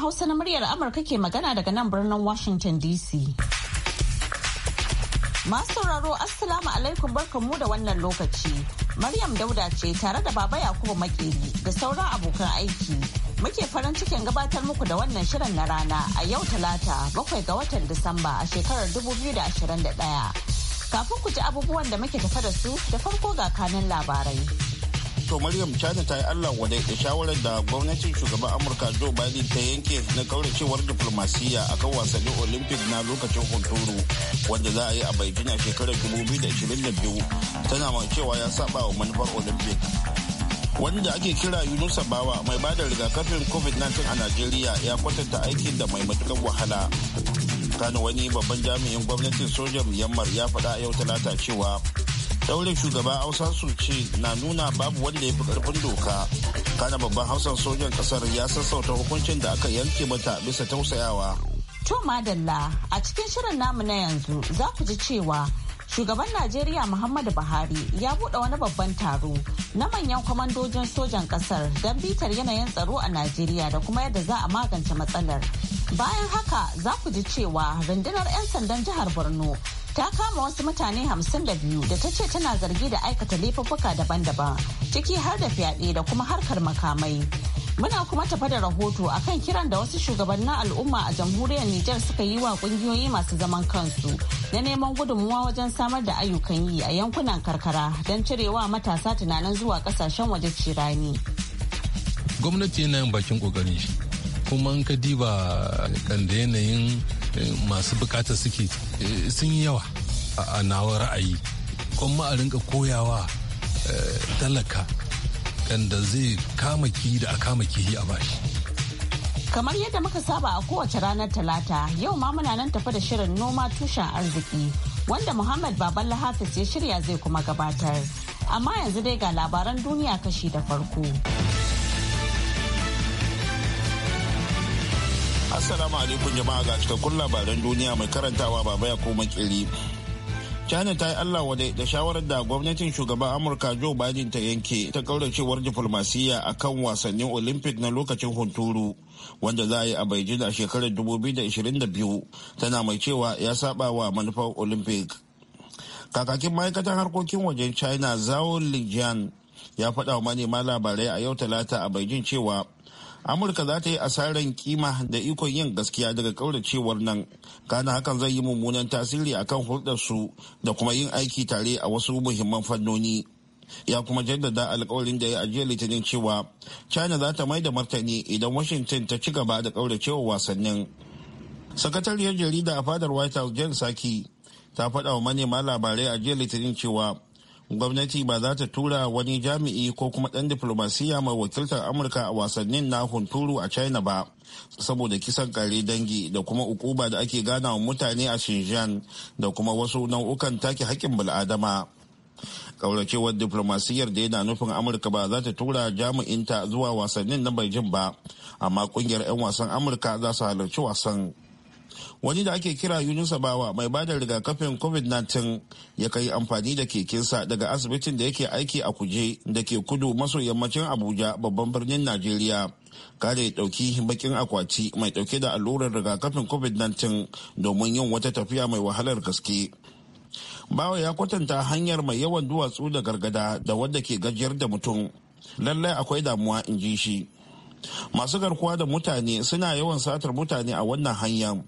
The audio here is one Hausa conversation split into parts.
Hausa na muryar Amurka ke magana daga nan birnin Washington DC. Masu sauraro Assalamu alaikum barkanmu da wannan lokaci. Maryam Dauda ce tare da Baba Yakubu Makeri da sauran abokan aiki. Muke farin cikin gabatar muku da wannan shirin na rana a yau Talata bakwai ga watan Disamba a shekarar 2021. Kafin ku ji abubuwan da muke tafa da su da farko ga kanin labarai. to maryam china ta yi allah wa da shawarar da gwamnatin shugaban amurka joe biden ta yanke na kauracewar diplomasiya a kan wasannin olympic na lokacin hunturu wanda za a yi a beijing a shekarar 2022 tana mai cewa ya saba wa manufar olympic wanda ake kira yunusa bawa mai bada rigakafin covid-19 a najeriya ya kwatanta aikin da mai matukar wahala kano wani babban jami'in gwamnatin sojan myanmar ya faɗa yau talata cewa daurin shugaba hausa ce na nuna babu wanda ya fi karfin doka kana babban hausan sojan kasar ya sassauta hukuncin da aka yanke mata bisa tausayawa to madalla a cikin shirin namu na yanzu za ku ji cewa shugaban najeriya muhammadu buhari ya buɗe wani babban taro na manyan kwamandojin sojan kasar don bitar yanayin tsaro a najeriya da kuma yadda za a magance matsalar bayan haka za ku ji cewa rundunar 'yan sandan jihar borno ta kama wasu mutane hamsin da biyu da ta ce tana zargi da aikata laifuffuka daban-daban ciki har da fyaɗe da kuma harkar makamai muna kuma tafa da rahoto akan kiran da wasu shugabannin al'umma a jamhuriyar Nijar suka yi wa kungiyoyi masu zaman kansu na neman gudunmuwa wajen samar da ayyukan yi a yankunan karkara don cirewa matasa tunanin zuwa kasashen waje cirani. Gwamnati yana yin bakin kokarin shi kuma ka diba kan da yanayin masu bukatar suke eh, sun yi yawa a nawa ra'ayi kuma a rinka koyawa eh, talaka da zai kama kihi da a kama kihi a bashi kamar yadda muka saba a kowace ranar talata yau ma muna nan tafi da shirin noma tushen arziki wanda muhammad baban lahafis ya shirya zai kuma gabatar amma yanzu dai ga labaran duniya kashi da farko. Assalamu alaikum jama'a ga cikakkun labaran duniya mai karantawa baba ya koma kiri. China ta yi Allah wadai da shawarar da gwamnatin shugaban Amurka Joe Biden ta yanke ta kauracewar diflomasiyya a kan wasannin Olympic na lokacin hunturu wanda za a yi a Beijing a shekarar 2022 tana mai cewa ya saba wa manufar Olympic. Kakakin ma'aikatan harkokin wajen China Zhao Lijian ya faɗa wa manema labarai a yau talata a Beijing cewa amurka za ta yi asarar kima da ikon yin gaskiya daga kauracewar nan kana hakan zai yi mummunan tasiri akan hulɗarsu da kuma yin aiki tare a wasu muhimman fannoni ya kuma jaddada alkawarin da ya ajiye litinin cewa china za ta mai da martani idan washington ta ci gaba da kauracewa wasannin sakatariyar jarida a fadar white house jen saki ta faɗa wa manema labarai a jiya litinin cewa gwamnati ba za ta tura wani jami'i ko kuma ɗan diflomasiyya mai wakiltar amurka a wasannin na hunturu a china ba saboda kisan kare dangi da kuma ukuba da ake gana wa mutane a xinjiang da kuma wasu nau'ukan take haƙƙin bil'adama ƙauracewar diflomasiyyar da yana nufin amurka ba za ta tura jami'inta zuwa wasannin na beijing ba amma kungiyar 'yan wasan amurka za su halarci wasan wani da ake kira yunusa bawa mai bada rigakafin covid-19 ya kai amfani da kekensa daga asibitin da yake aiki a kuje da ke kudu maso yammacin abuja babban birnin najeriya kare dauki bakin akwati mai dauke da allurar rigakafin covid-19 domin yin wata tafiya mai wahalar gaske bawa ya kwatanta hanyar mai yawan duwatsu da gargada da wadda ke gajiyar da mutum lallai akwai damuwa in ji shi masu garkuwa da mutane suna yawan satar mutane a wannan hanyar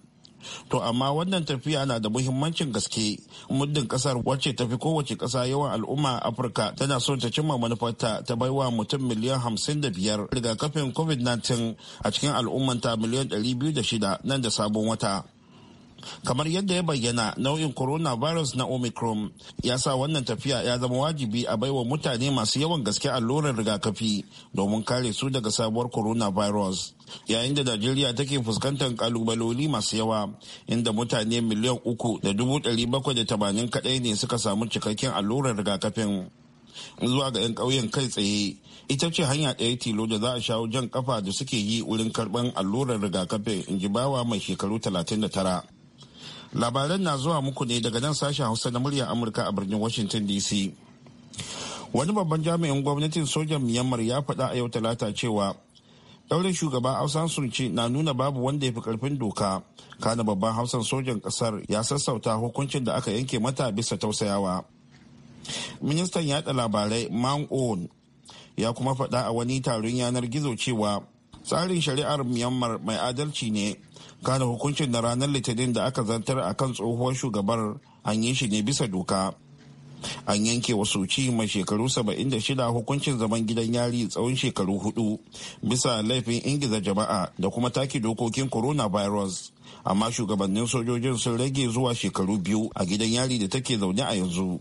to amma wannan tafiya na da muhimmancin gaske muddin kasar wacce tafi kowace kasa yawan al'umma a afirka tana son ta cimma manufarta ta bai wa mutum miliyan hamsin da biyar rigakafin covid-19 a cikin al'ummanta miliyan ɗari biyu da shida nan da sabon wata kamar yadda ya bayyana nau'in coronavirus na omicron ya sa wannan tafiya ya zama wajibi a baiwa mutane masu yawan gaske allurar rigakafi domin kare su daga sabuwar coronavirus yayin da najeriya take fuskantar kalubaloli masu yawa inda mutane miliyan uku da dubu dari bakwai da tamanin kadai ne suka samu cikakken allurar rigakafin zuwa ga 'yan ƙauyen kai tsaye ita ce hanya ɗaya tilo da za a shawo jan kafa da suke yi wurin karɓar allurar rigakafin in ji bawa mai shekaru tara. labaran na zuwa muku ne daga nan sashen hausa na murya amurka a birnin washington dc wani babban jami'in gwamnatin sojan myanmar ya faɗa a yau talata cewa Ɗaurin shugaba hausan sunci na nuna babu wanda ya fi karfin doka kana babban hausan sojan kasar ya sassauta hukuncin da aka yanke mata bisa tausayawa ministan yada labarai mang on ya kuma faɗa a wani taron yanar gizo cewa tsarin shari'ar myanmar mai adalci ne kana hukuncin na ranar litinin da aka zantar a kan tsohuwar shugabar an yi shi ne bisa doka an yanke wa soci mai shekaru 76 hukuncin zaman gidan yari tsawon shekaru hudu bisa laifin ingiza jama'a da kuma take dokokin coronavirus amma shugabannin sojojin sun rage zuwa shekaru biyu a gidan yari da take zaune a yanzu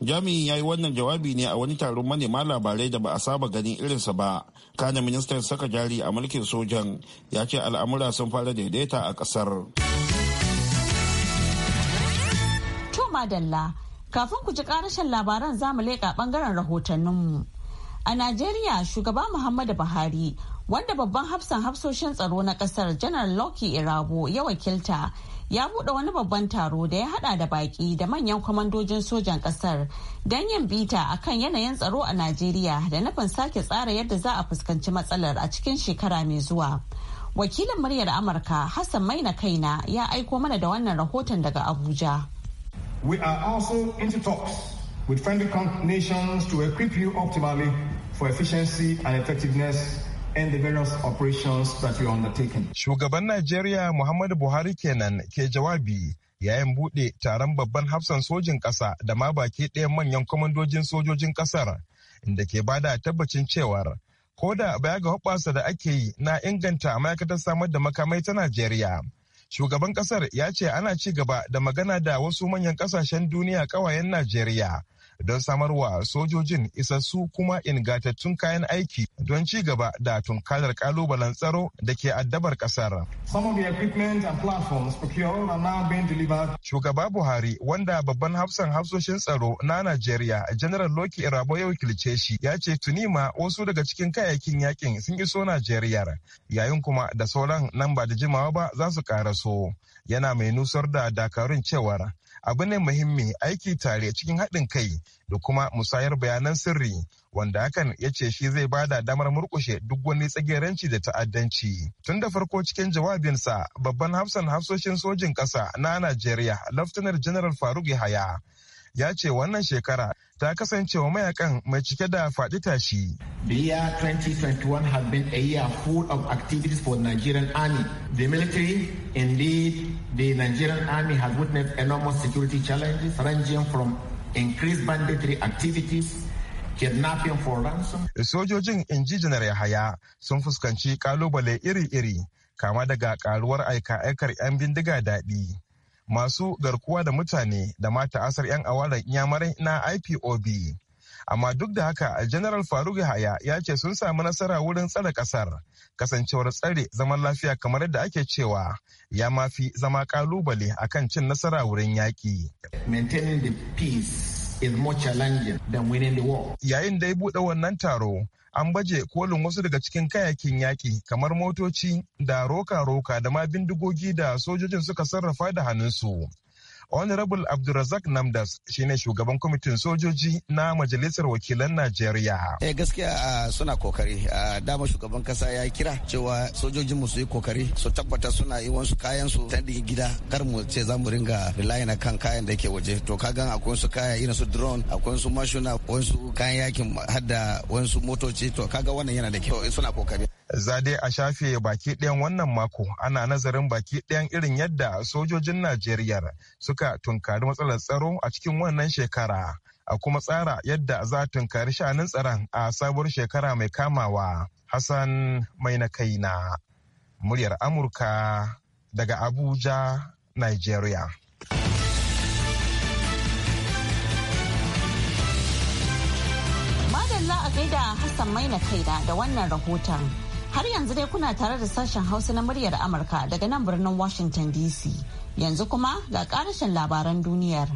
jami'in ya yi wannan jawabi ne a wani taron manema labarai da ba a saba ganin irinsa ba kana ministan saka jari a mulkin sojan ya ce al'amura sun fara daidaita a kasar to madalla kafin ku ji karashin labaran zamu leƙa bangaren rahotanninmu a najeriya shugaba muhammadu buhari wanda babban hafsan hafsoshin tsaro na kasar janar loki irabo ya wakilta ya buɗe wani babban taro da ya hada da baƙi da manyan kwamandojin sojan ƙasar don yin bita a kan yanayin tsaro a Najeriya da nufin sake tsara yadda za a fuskanci matsalar a cikin shekara mai zuwa. Wakilin muryar Amurka Hassan Maina Kaina ya aiko mana da wannan rahoton daga Abuja. We are also into talks with friendly nations to equip you optimally for efficiency and effectiveness and the various operations that you are undertaking. Shugaban Najeriya Muhammadu Buhari kenan ke jawabi yayin bude taron babban hafsan sojin kasa da ma baki ɗaya manyan kwamandojin sojojin kasar inda ke bada tabbacin cewar ko da baya ga hoɓɓasa da ake yi na inganta ma'aikatar samar da makamai ta Najeriya. Shugaban kasar ya ce ana ci gaba da magana da wasu manyan ƙasashen duniya ƙawayen Najeriya don samar wa sojojin isassu kuma ingantattun kayan aiki don ci gaba da tunkarar kalubalen tsaro da ke addabar kasar. Shugaba Buhari wanda babban hafsan hafsoshin tsaro na Najeriya General Loki Irabo ya wakilce shi ya ce tuni ma wasu daga cikin kayayyakin yakin sun iso Najeriya yayin kuma da sauran nan ba da jimawa ba za su karaso. yana mai nusar da dakarun cewar abu ne muhimmi aiki tare cikin haɗin kai da kuma musayar bayanan sirri wanda hakan ya ce shi zai ba da damar murkushe duk wani tsageranci da ta'addanci. Tun da farko cikin jawabinsa babban hafsan hafsoshin sojin ƙasa na Najeriya, Laftanar General Faruk Yahaya ya ce wannan shekara ta kasance wa mayakan mai cike da faɗi tashi. The year 2021 has been a year full of activities for Nigerian army. The military, indeed, the Nigerian army has witnessed enormous security challenges ranging from increased banditry activities kidnapping for ransom. Sojojin inji janar Yahaya sun fuskanci kalubale iri-iri kama daga karuwar aika-aikar 'yan bindiga daɗi. masu garkuwa da mutane da mata asar 'yan awarar yamarai na ipob amma duk da haka general faruk yahaya ya ce sun samu nasara wurin tsare kasar kasancewar tsare zaman lafiya kamar yadda ake cewa ya mafi zama kalubale kan cin nasara wurin yaƙi. maintaining the peace is more challenging than winning the war yayin da ya buɗe wannan taro an baje kolin wasu daga cikin kayakin yaƙi kamar motoci da roka-roka da ma bindigogi da sojojin suka sarrafa da hannunsu Honorable Abdulrazak Namdas shine shugaban kwamitin sojoji na Majalisar Wakilan Najeriya. Eh gaskiya ah, suna kokari. Ah, dama shugaban kasa ya kira cewa sojojin mu su yi kokari su tabbata suna yi wasu kayan su ta gida kar mu ce za mu ringa na kan kayan da ke waje. To ka gan akwai su kaya irin su drone, akwai su mashina, su kayan yakin hadda wasu motoci to kaga wannan yana da kyau eh, suna kokari. Zade a shafe baki ɗayan wannan mako ana nazarin baki ɗayan irin yadda sojojin Najeriya suka duka tunkari matsalar tsaro a cikin wannan shekara a kuma tsara yadda za a tunkari shanun tsaron a sabuwar shekara mai kamawa hassan mai na kaina muryar amurka daga abuja nigeria madalla hassan mai na kaina da wannan rahoton har yanzu dai kuna tare da sashen hausa na muryar amurka daga nan birnin washington dc Yanzu kuma ga karashin labaran duniyar.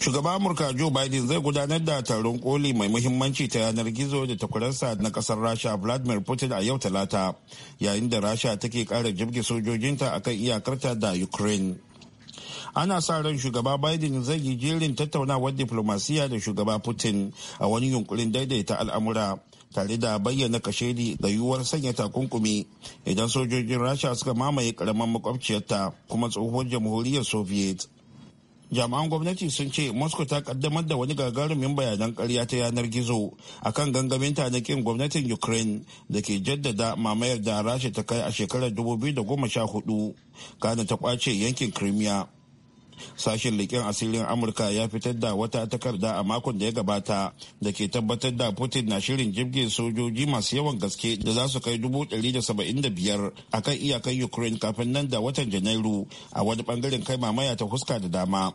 shugaba Amurka Joe Biden zai gudanar da taron koli mai muhimmanci ta yanar gizo da takwaransa na kasar Rasha Vladimir Putin a yau Talata, yayin da Rasha take kara jirgin sojojinta akan iyakarta da Ukraine. Ana sa ran shugaba Biden zai yi jerin tattaunawar diplomasiya da shugaba Putin a wani yunkurin daidaita al'amura tare da bayyana kashedi da yiwuwar sanya takunkumi idan sojojin rasha suka mamaye karamar makwabciyarta kuma tsohuwar jamhuriyar soviet jami'an gwamnati sun ce moscow ta kaddamar da wani gagarumin bayanan karya ta yanar gizo akan gangamin tanakin gwamnatin ukraine da ke jaddada mamayar da rasha ta kai a shekarar 2014 kana ta kwace yankin crimea sashen leƙen asirin amurka ya fitar da wata takarda a makon da ya gabata da ke tabbatar da putin na shirin jirgin sojoji masu yawan gaske da za su kai dubu ɗari da saba'in da biyar a kan iyakar ukraine kafin nan da watan janairu a wani bangaren kai mamaya ta fuska da dama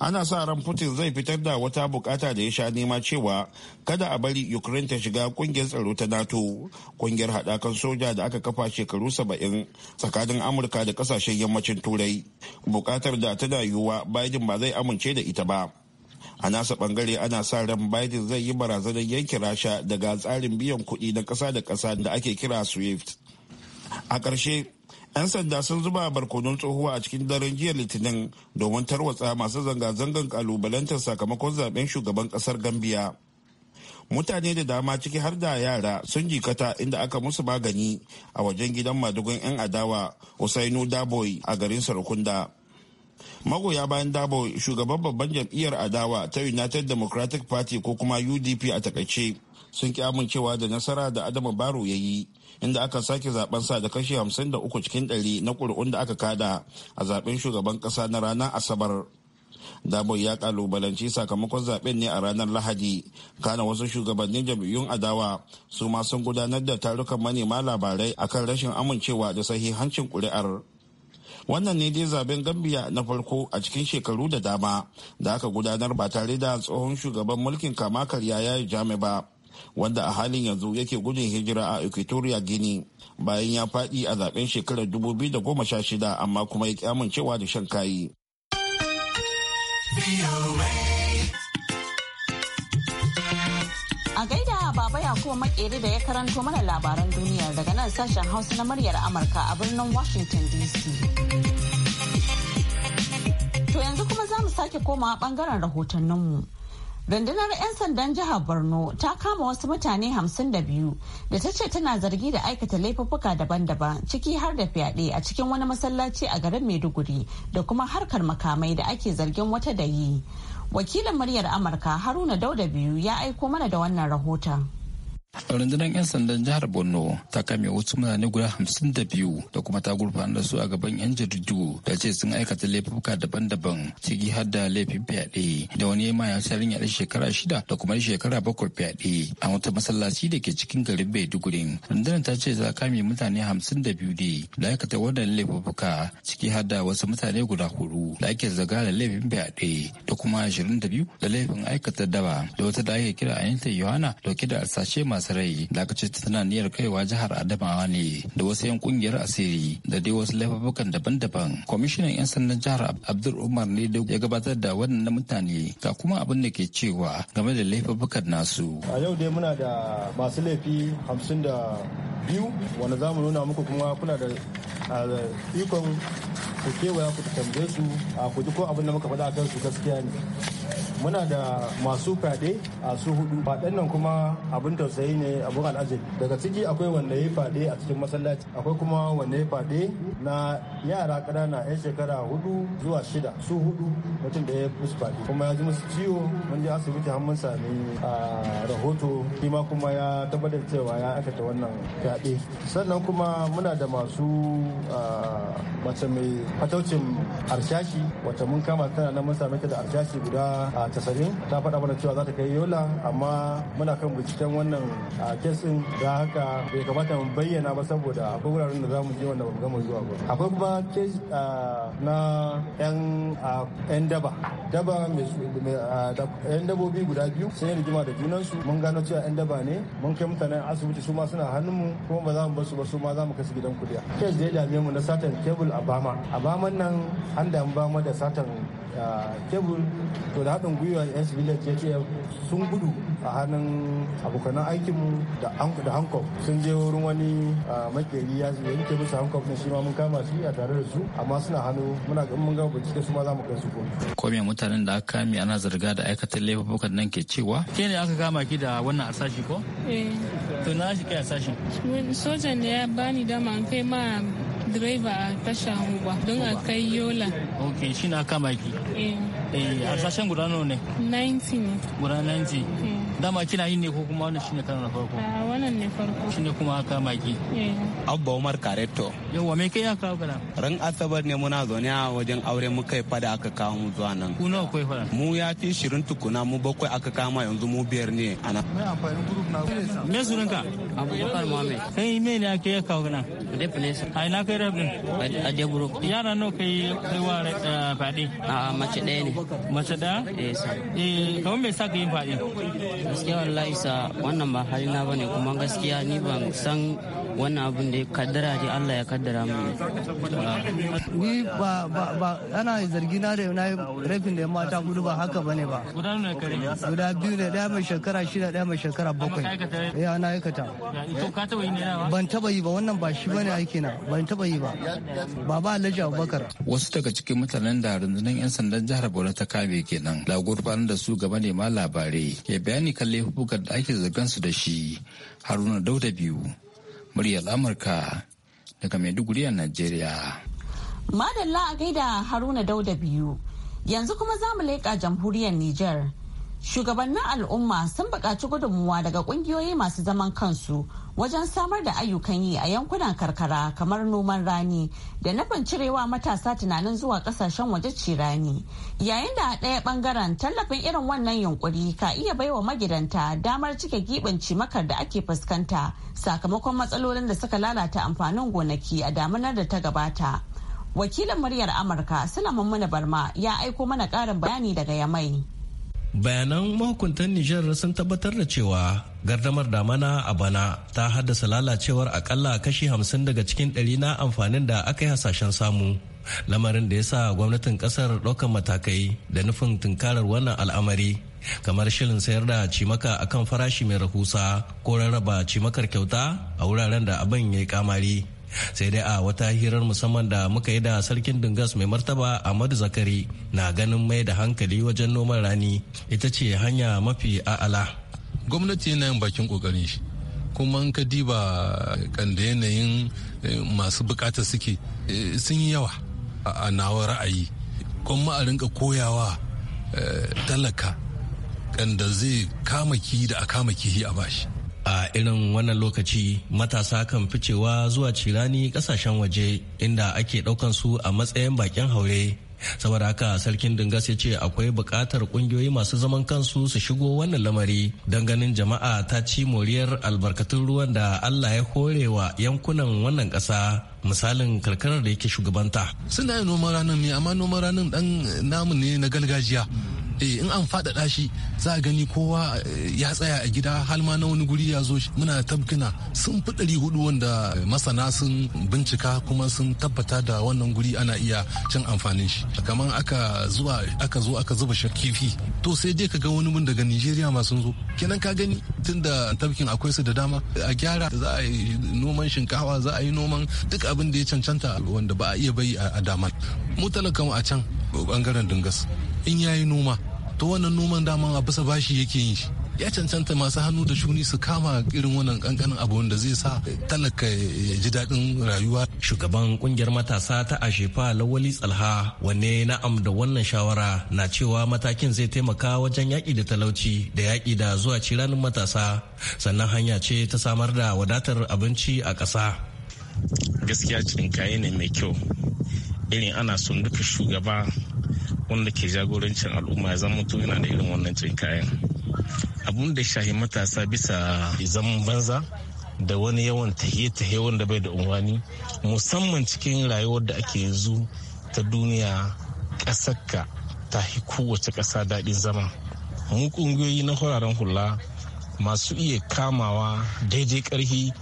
ana sa ran putin zai fitar da wata bukata da ya sha nema cewa kada a bari ukraine ta shiga kungiyar tsaro ta nato kungiyar haɗakan soja da aka kafa shekaru saba'in tsakanin amurka da kasashen yammacin turai bukatar da tana yiwuwa biden ba zai amince da ita ba a nasa bangare ana sa ran biden zai yi barazanar yanke rasha daga tsarin biyan kuɗi na ƙasa da ƙasa da ake kira swift a ƙarshe 'yan sanda sun zuba barkonon tsohuwa a cikin daren jiya litinin domin tarwatsa masu zanga-zangan kalubalantar sakamakon zaben shugaban kasar gambia mutane da dama ciki har da yara sun jikata inda aka musu magani a wajen gidan madugun 'yan adawa usainu daboy a garin sarkunda magoya bayan daboy shugaban babban jam'iyyar adawa ta united democratic party ko kuma udp a takaice sun ki amincewa da nasara da adama Baro ya yi inda aka sake zaben sa da kashi 53 cikin 100 na kuri'un da aka kada a zaben shugaban ƙasa na ranar Asabar. Dabo ya kalubalanci sakamakon zaben ne a ranar Lahadi, kana wasu shugabannin jam'iyyun adawa su ma sun gudanar da tarukan manema labarai akan rashin amincewa da sahihancin ƙuri'ar. Wannan ne dai zaben Gambia na farko a cikin shekaru da dama da aka gudanar ba tare da tsohon shugaban mulkin kama karya ya yi jami ba. wanda a halin yanzu yake gudun hijira a equatoria guinea bayan ya faɗi a zaben shekarar 2016 amma kuma ya kyamancewa da shan kayi a gaida baba Ya kuma makeri da ya karanto mana labaran duniya daga nan sashen hausa na muryar amurka a birnin washington dc to yanzu kuma za mu sake komawa bangaren rahotanninmu. mu Rundunar 'yan sandan jihar Borno ta kama wasu mutane 52 da ta ce tana zargi da aikata laifuffuka daban-daban ciki har da fyaɗe a cikin wani masallaci a garin Maiduguri da kuma harkar makamai da ake zargin wata da yi. Wakilin muryar Amurka Haruna Dauda biyu ya aiko mana da wannan rahoton. rundunar 'yan sandan jihar borno ta kame wasu mutane guda hamsin da biyu da kuma ta gurfana da su a gaban 'yan jaridu da ce sun aikata laifuka daban-daban ciki har da laifin fyaɗe da wani ma ya sa yaɗa shekara shida da kuma shekara bakwai fyaɗe a wata masallaci da ke cikin garin maiduguri rundunar ta ce za kame mutane hamsin da biyu ne da aikata wannan laifuka ciki har da wasu mutane guda huɗu da ake zaga da laifin fyaɗe da kuma ashirin da biyu da laifin aikata daba da wata da ake kira a yankin yohana dauke da alsashe masu masu rai da aka tana niyyar kaiwa jihar Adamawa ne da wasu 'yan kungiyar asiri da dai wasu laifukan daban-daban. Kwamishinan 'yan sandan jihar Abdul Umar ne da ya gabatar da wannan mutane ga kuma abin da ke cewa game da laifukan nasu. A yau dai muna da masu laifi hamsin da biyu wanda za mu nuna muku kuma kuna da ikon ku kewaya ku tambaye su a ku ko abin da muka faɗa kan su gaskiya ne muna da masu fyaɗe a su hudu faɗen nan kuma abin tausayi ne abin al'ajabi daga ciki akwai wanda ya faɗe a cikin masallaci akwai kuma wanda ya faɗe na yara ƙanana 'yan shekara hudu zuwa shida su hudu mutum da ya fusu faɗe kuma ya ji musu ciwo mun je asibiti har mun sami rahoto shi kuma ya tabbatar cewa ya aikata wannan fyaɗe sannan kuma muna da masu mace mai fataucin harshashi wacce mun kama tana nan mun same ta da harshashi guda casa'in ta faɗa mana cewa za ta kai yola amma muna kan binciken wannan kesin da haka bai kamata mu bayyana ba saboda akwai wuraren da za mu je wanda ba mu gama zuwa ba akwai kuma kes na yan daba daba yan dabobi guda biyu sai rigima da junansu mun gano cewa yan daba ne mun kai mutanen asibiti su ma suna hannunmu kuma ba za mu basu ba su ma za mu kai gidan kudiya kes da ya dame mu na satan kebul a bama baman nan an ba mu da satan kebul to da haɗin gwiwa yan civilian jkf sun gudu a hannun aikin aikinmu da hankof sun je wurin wani makeri ya yanke musu hankof na shi ma mun kama su a tare da su amma suna hannu muna ga mun ga bincike su ma za mu kai su kuma. ko me mutanen da aka kame ana zarga da aikatan laifukan nan ke cewa ke ne aka kama ki da wannan asashi ko eh to na shi kai asashi. sojan ne ya bani dama an kai ma direba a tashan uba don a kai yola ok shi na kama ki eh, eh a sashen guda nawa ne 90 ne guda 90 dama kina yin ne ko kuma wannan shine karo na farko ah, wannan ne farko shine kuma aka maki eh. abba umar kareto yawa me kai aka gara ran asabar ne muna zaune a wajen aure muka yi fada aka kawo mu zuwa nan ku nawa kai fada mu ya fi shirin tukuna mu bakwai aka kama yanzu mu biyar ne ana mai amfani group na me sunanka abubakar muhammed kai me ne aka kawo gana rep ai na kai rep din a jeburo yara n'o kai kai wa eh, fadi a ah, mace daya ne mace da eh, eh kawai me sa yin fadi gaskiya wallahi sa wannan ba halina bane kuma gaskiya ni ban san wannan abin da kaddara ne Allah ya kaddara mu ni ba ba ba ana zargi na da na rafin da mata hudu ba haka bane ba guda biyu ne daya mai shekara shida daya mai shekara bakwai ya na aikata eh, ban taba yi ba wannan ba shi bane aiki na ban taba yi ba baba Alhaji Abubakar wasu daga cikin mutanen da rundunar yan sandan jihar Borno ta kame kenan da gurfanar da su gaba ne ma labarai ya bayani kalle hukumar da ake zargansu su da shi Haruna Dauda biyu muryar amurka daga maiduguri a najeriya madalla a gaida haruna dauda biyu yanzu kuma za mu leƙa jamhuriyar Nijar. Shugabannin al'umma sun buƙaci gudunmuwa daga ƙungiyoyi masu zaman kansu wajen samar da ayyukan yi a yankunan karkara kamar noman rani da nufin cirewa matasa tunanin zuwa ƙasashen waje ci rani. Yayin da a ɗaya ɓangaren tallafin irin wannan yunkuri ka iya baiwa magidanta damar cike giɓin cimakar da ake fuskanta sakamakon matsalolin da suka lalata amfanin gonaki a damunar da ta gabata. wakilin muryar amurka suna muna barma ya aiko mana ƙarin bayani daga yamai bayanan mahukuntan nijar sun tabbatar da cewa gardamar damana a bana ta haddasa lalacewar akalla kashi hamsin daga cikin ɗari na amfanin da aka yi hasashen samu lamarin da ya sa gwamnatin ƙasar ɗaukar matakai da nufin tunkarar wannan al'amari kamar shirin sayar da cimaka akan farashi mai rahusa ko rarraba cimakar kyauta a wuraren da abin ya yi kamari sai dai a wata hirar musamman da muka yi da sarkin dingas mai martaba ahmadu zakari na ganin mai da hankali wajen noman rani ita ce hanya mafi a'ala gwamnati yana yin bakin kokarin shi kuma in ka diba kan da yanayin eh, masu bukata suke eh, sun yi yawa a nawa ra'ayi kuma a rinka koyawa eh, talaka kan da zai kama ki da a kama kihi a bashi a irin wannan lokaci matasa kan ficewa zuwa cirani kasashen waje inda ake ɗaukan su a matsayin bakin haure saboda haka sarkin dingas ya ce akwai bukatar ƙungiyoyi masu zaman kansu su shigo wannan lamari don ganin jama'a ta ci moriyar albarkatun ruwan da allah ya hore wa yankunan wannan kasa misalin karkarar da yake shugabanta suna yin noman ranar ne amma noman ranar dan namu ne na gargajiya Eh, in an faɗaɗa shi za a gani kowa eh, ya tsaya a gida har ma na wani guri ya zo shi. muna tabkina sun fi ɗari hudu wanda masana sun bincika kuma sun tabbata da wannan guri ana iya cin amfanin shi kamar aka aka zo aka zuba kifi to sai dai ka ga wani mun daga nigeria ma sun zo kenan ka gani tun da tabkin akwai su da dama a gyara za a yi noman shinkawa za a yi noman duk abin da ya cancanta wanda ba a iya bai a dama mu talakawa a can bangaren dungas in ya yi noma to wannan noman daman a bisa bashi yake yin shi ya cancanta masu hannu da shuni su kama irin wannan kankanin abu da zai sa talaka ya ji daɗin rayuwa. Shugaban kungiyar matasa ta Ashefa Lawali Tsalha wanne na'am da wannan shawara na cewa matakin zai taimaka wajen yaƙi da talauci da yaƙi da zuwa ciranin matasa sannan hanya ce ta samar da wadatar abinci a ƙasa. Gaskiya cinkaye ne mai kyau irin ana son duka shugaba wanda ke jagorancin al'umma ya zama mutum yana da irin wannan cin kayan abun da shahi matasa bisa zaman banza da wani yawan tahiye-tahiye wanda bai da unwani musamman cikin rayuwar da ake yanzu ta duniya ƙasarka ta hi kowace ƙasa daɗin zama mu ƙungiyoyi na huraren hula masu iya kamawa daidai ƙarfi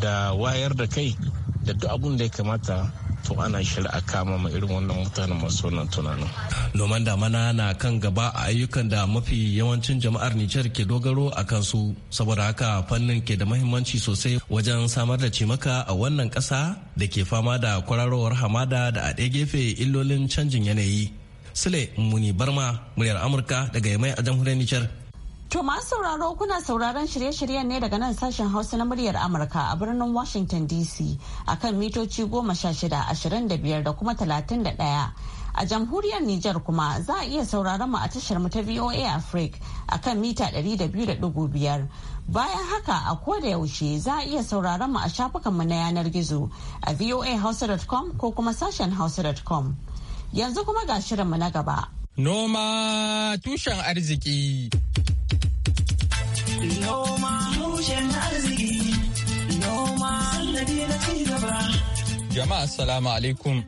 da wayar da kai da duk abun da ya kamata to ana shirya a kama ma irin wannan mutanen masu wannan tunanin. noman damana na kan gaba a ayyukan da mafi yawancin jama'ar nijar ke dogaro a kansu saboda haka fannin ke da mahimmanci sosai wajen samar da cimaka a wannan ƙasa da ke fama da kwararowar hamada da a ɗaya gefe illolin canjin yanayi sule muni barma muryar amurka daga yamai a jamhuriyar nijar To masu sauraro kuna sauraron shirye-shiryen ne daga nan sashen Hausa na muryar Amurka a birnin Washington DC a kan mitoci goma sha shida ashirin da biyar da kuma talatin da ɗaya. A jamhuriyar Nijar kuma za a iya sauraron mu a tashar mu ta VOA Africa a kan mita ɗari da biyu da ɗigo biyar. Bayan haka a koda yaushe za a iya sauraron mu a shafukanmu na yanar gizo a voahausa.com ko kuma sashen hausa.com. Yanzu kuma ga shirinmu na gaba. Noma tushen arziki. Jama'a Salamu alaikum.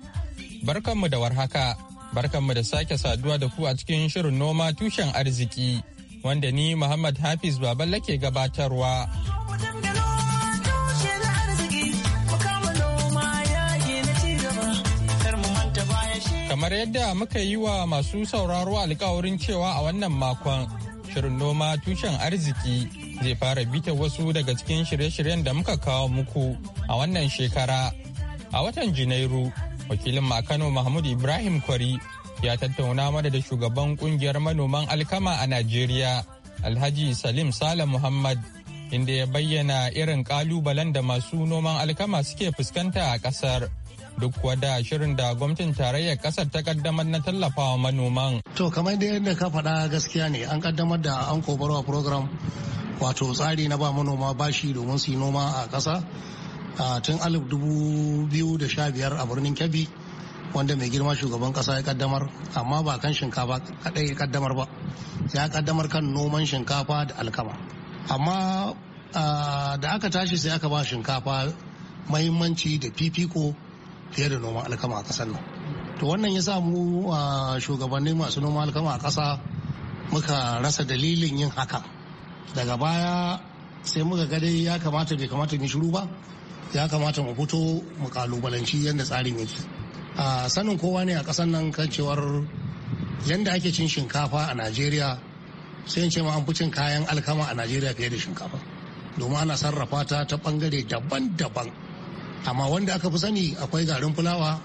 Barkanmu da warhaka. Barkanmu da sake saduwa da ku a cikin shirin noma tushen arziki wanda ni Muhammad Hafiz Baballe ke gabatarwa. Kamar yadda muka yi wa masu sauraro alkawarin cewa a wannan makon shirin noma tushen arziki zai fara bita wasu daga cikin shirye-shiryen da muka kawo muku a wannan shekara. A watan Janairu, wakilin makano Mahmud Ibrahim Kwari ya tattauna mana da shugaban kungiyar manoman alkama a Najeriya, Alhaji Salim Sale Muhammad, inda ya bayyana irin kalubalen da masu noman alkama suke fuskanta a kasar. duk kuwa da shirin da gwamnatin tarayyar kasar ta kaddamar na tallafawa manoman. To kamar da yadda ka faɗa gaskiya ne an kaddamar da an kobarwa program wato tsari na ba manoma bashi domin su yi noma a ƙasa tun alif dubu biyu da sha biyar a birnin Kebbi wanda mai girma shugaban ƙasa ya kaddamar amma ba kan shinkafa kaɗai ya kaddamar ba ya kaddamar kan noman shinkafa da alkama amma da aka tashi sai aka ba shinkafa mahimmanci da fifiko fiye da noman alkama a ƙasar nan to wannan ya mu a shugabanni masu noman alkama a ƙasa muka rasa dalilin yin haka daga baya sai muka ga dai ya kamata bai kamata mu shiru ba ya kamata mu fito mu kalubalanci yadda tsarin yake a sanin kowa ne a ƙasar nan kan cewar yadda ake cin shinkafa a najeriya sai in ce ma an fi cin kayan alkama a najeriya fiye da shinkafa domin ana sarrafa ta ta bangare daban-daban amma wanda aka fi sani akwai garin fulawa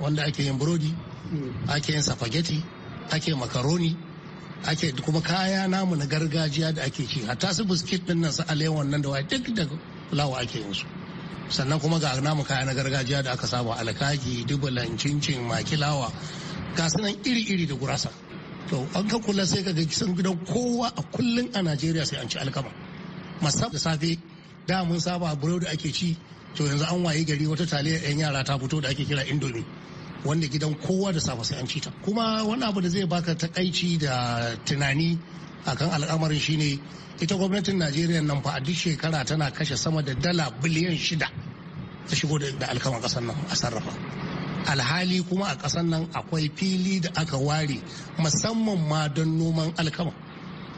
wanda ake yin burodi hmm. ake yin safageti ake makaroni ake kuma kaya namu na gargajiya da ake ci hatta su biskit din nan su alewan nan da waye duk da fulawa ake yin su sannan kuma ga namu kaya na gargajiya da aka saba alkaki dubulan cincin makilawa ga sunan iri-iri da gurasa to an ka kula sai ka ga kisan gidan kowa a kullun a najeriya sai an ci alkama musamman da safe da mun saba burodi ake ci to yanzu an waye gari wata taliyar yan yara ta fito da ake kira indomi wanda gidan kowa da safe sai an cita. kuma wani abu da zai baka takaici da tunani akan al'amarin shine ita gwamnatin najeriya nan fa a duk shekara tana kashe sama da dala biliyan shida ta shigo da alkama kasar nan a sarrafa alhali kuma a kasar nan akwai fili da aka ware musamman ma don noman alkama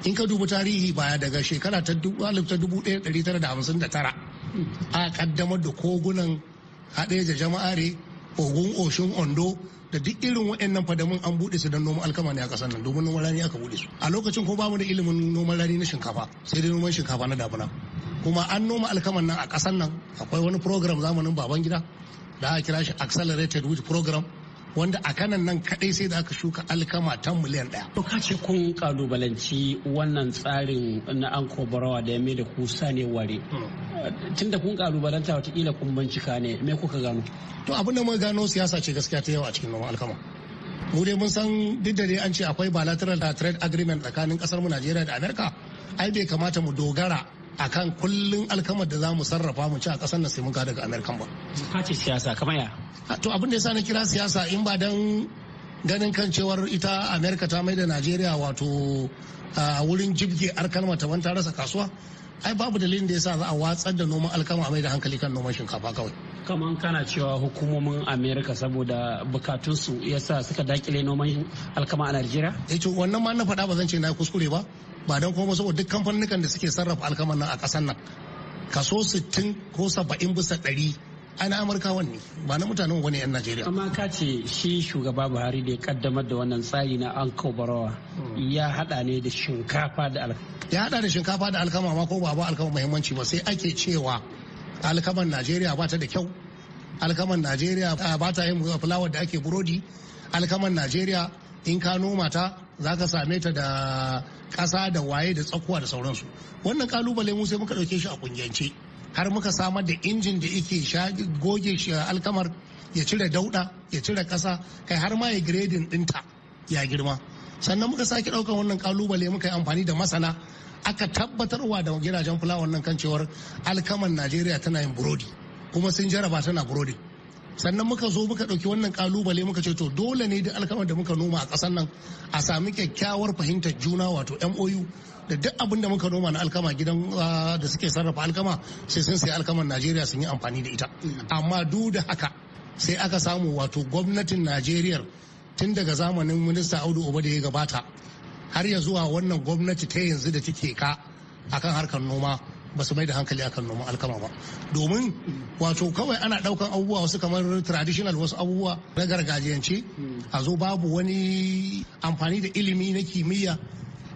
in ka dubi tarihi baya daga shekara ta 1959 a kaddamar da kogunan jama'a jama'are ogun oshun ondo da duk irin waɗannan fadamin an buɗe su don noman alkama ne a ƙasar nan domin noman rani aka buɗe su a lokacin ko bamu da ilimin noman rani na shinkafa sai dai noman shinkafa na damuna kuma an noma alkaman nan a ƙasar nan akwai wani program zamanin baban gida da aka kira shi accelerated with program wanda a kanan nan kadai sai da aka shuka alkama ta miliyan daya To kace kun kalubalanci wannan tsarin na an barawa da ya mai da ku sane ware. Hmm. Tun da kun kalubalanta watakila kun bincika ne me kuka gano? To abin da mun gano siyasa ce gaskiya ta yawa a cikin noman alkama. Mu dai mun san duk da dai an ce akwai bilateral trade agreement tsakanin kasar mu Najeriya da Amerika. Ai bai kamata mu dogara akan kullun alkamar da za mu sarrafa mu ci a kasar nan sai mun ka daga amerikan ba ka ce siyasa kamar ya to abin da yasa na kira siyasa in ba dan ganin kan cewar ita amerika ta mai da najeriya wato a wurin jibge alkalma ta wanta rasa kasuwa ai babu dalilin da yasa za a watsar da noman alkama a mai da hankali kan noman shinkafa kawai kaman kana cewa hukumomin amerika saboda bukatunsu yasa suka dakile noman alkama a najeriya eh to wannan ma na faɗa ba zan ce na kuskure ba ba don kuma saboda duk kamfanin da suke sarrafa alkaman nan a ƙasar nan kaso 60 ko 70 bisa ɗari ana amurkawan ne ba na mutanen wani 'yan najeriya amma ka ce shi shugaba buhari da ya kaddamar da wannan tsari na an barawa ya hada ne da shinkafa da alkama ya hada da shinkafa da alkama ma ko ba ba alkama muhimmanci ba sai ake cewa alkaman najeriya ba ta da kyau alkaman najeriya ba ta yin fulawar da ake burodi alkaman najeriya in ka noma ta za ka same ta da ƙasa da waye da tsakuwa da sauransu wannan kalubale mu sai muka ɗauke shi a kungiyance har muka samar da injin da yake goge shi a uh, alkamar ya cire dauɗa ya cire ƙasa kai har ma ya gredin ɗinta ya girma sannan muka sake ɗaukar wannan kalubale muka yi amfani da masana aka tabbatarwa da gidajen fulawar nan kan cewar alkaman najeriya tana yin burodi kuma sun jaraba tana burodi sannan muka zo muka ɗauki wannan kalubale muka ce to dole ne duk alkamar da muka noma a ƙasar nan a sami kyakkyawar fahimtar juna wato MOU da duk abin da muka noma na alkama gidan ah, da suke sarrafa alkama sai sun sai alkamar Najeriya sun yi amfani da ita amma duk da haka sai aka samu wato gwamnatin Najeriya tun daga zamanin minista Audu Oba da ya gabata har ya zuwa wannan gwamnati ta yanzu da take ka akan harkar noma ba su mai da hankali akan noman alkama ba domin wato kawai ana daukan abubuwa wasu kamar traditional wasu abubuwa na gargajiyance hmm. a zo babu wani amfani da ilimi na kimiyya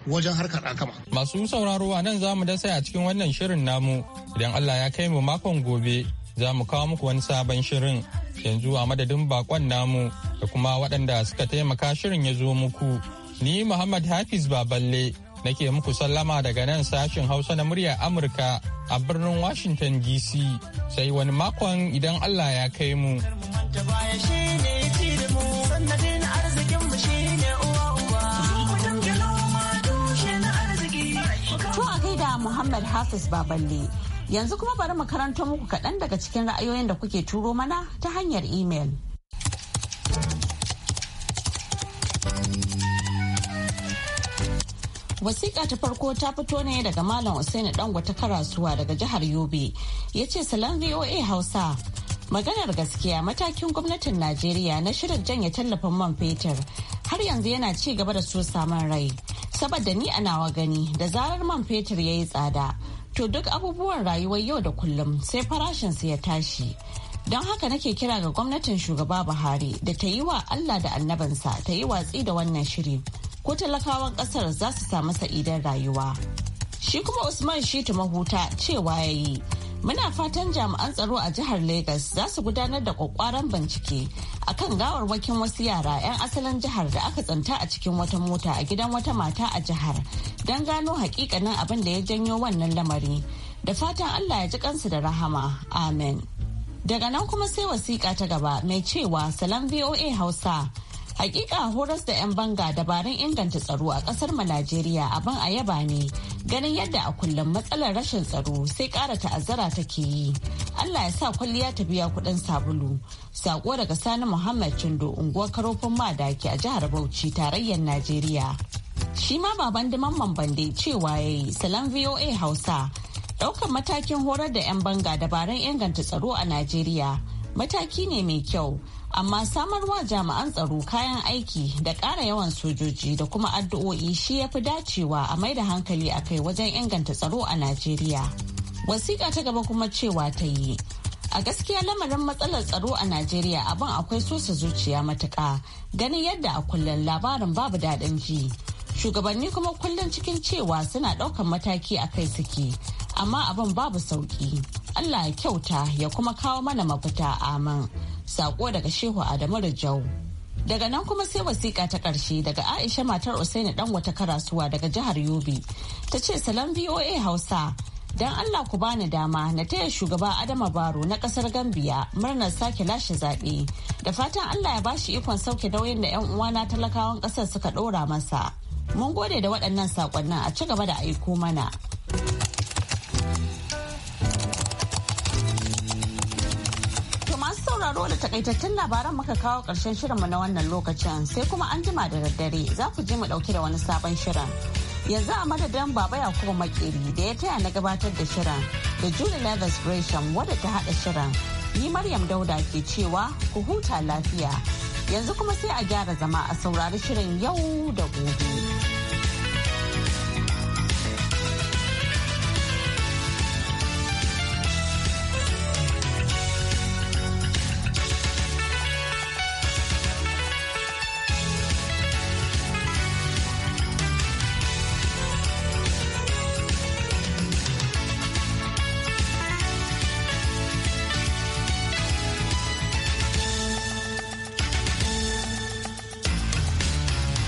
wajen harkar alkama. Masu sauraro a nan za mu dasa a cikin wannan shirin namu idan Allah ya kai mu makon gobe za mu kawo muku wani sabon shirin yanzu a madadin bakon namu da kuma waɗanda suka taimaka shirin ya zo muku. Ni Muhammad Hafiz Baballe nake muku sallama daga nan sashen hausa na muryar amurka a birnin washington dc sai wani makon idan allah ya kai mu Muhammad Hafiz Baballe. Yanzu kuma bari mu karanto muku kaɗan daga cikin ra'ayoyin da kuke turo mana ta hanyar imel. wasiƙa ta farko ta fito ne daga malam hussaini dangwata karasuwa daga jihar yobe ya ce salon voa hausa maganar gaskiya matakin gwamnatin najeriya na shirin janye tallafin man fetur har yanzu yana ci gaba da su saman rai saboda ni a nawa gani da zarar man fetur ya yi tsada to duk abubuwan rayuwar yau da kullum sai farashinsu ya tashi don haka nake kira ga gwamnatin shugaba buhari da ta yi wa allah da annabansa ta yi watsi da wannan shiri ko talakawan kasar za su samu sa'idar rayuwa shi kuma usman shitu mahuta cewa ya yi muna fatan jami'an tsaro a jihar legas za su gudanar da kwakwaran bincike a kan gawarwakin wasu yara 'yan asalin jihar da aka tsanta a cikin wata mota a gidan wata mata a jihar don gano hakikanin abin da ya janyo wannan lamari da fatan allah ya ji kansu da rahama amen daga nan kuma sai wasiƙa ta gaba mai cewa salam voa hausa Hakika horas da 'yan banga dabarun inganta tsaro a kasar mu Najeriya abin a yaba ne ganin yadda a kullum matsalar rashin tsaro sai ƙara ta'azzara take yi. Allah ya sa kwalliya ta biya kuɗin sabulu. Sako daga Sani Muhammad Chindo unguwar Karofin Madaki a jihar Bauchi tarayyar Najeriya. Shi ma baban Mamman Bande cewa ya yi salon VOA Hausa. Ɗaukan matakin horar da 'yan banga dabarun inganta tsaro a Najeriya mataki ne mai kyau. amma samar wa jami'an tsaro kayan aiki da ƙara yawan sojoji da kuma addu'o'i shi ya fi dacewa a mai da hankali a kai wajen inganta tsaro a najeriya wasiƙa ta gaba kuma cewa ta yi a gaskiya lamarin matsalar tsaro a najeriya abin akwai sosa zuciya matuƙa ganin yadda a kullum labarin babu daɗin ji shugabanni kuma kullum cikin cewa suna ɗaukan mataki a kai suke amma abin babu sauƙi allah ya kyauta ya kuma kawo mana mafita amin Sako daga Shehu Adamu rajau Daga nan kuma sai wasiƙa ta ƙarshe daga Aisha matar Usaini dan wata karasuwa daga jihar Yobe. Ta ce salon VOA Hausa. Don Allah ku bani dama na taya shugaba Adama Baro na ƙasar Gambiya murnar sake lashe zaɓe. Da fatan Allah ya bashi ikon sauke nauyin da 'yan uwana talakawan ƙasar suka ɗora masa. Mun gode da waɗannan saƙonnin a ci gaba da aiko mana. sauraro da takaitaccen labaran muka kawo ƙarshen shirinmu na wannan lokacin sai kuma an jima da daddare za ku je mu ɗauki da wani sabon shirin. Yanzu a madadin Baba kuma Makeri da ya taya na gabatar da shirin da Julie levis Gresham wadda ta haɗa shirin. Ni Maryam Dauda ke cewa ku huta lafiya. Yanzu kuma sai a gyara zama a saurari shirin yau da gobe.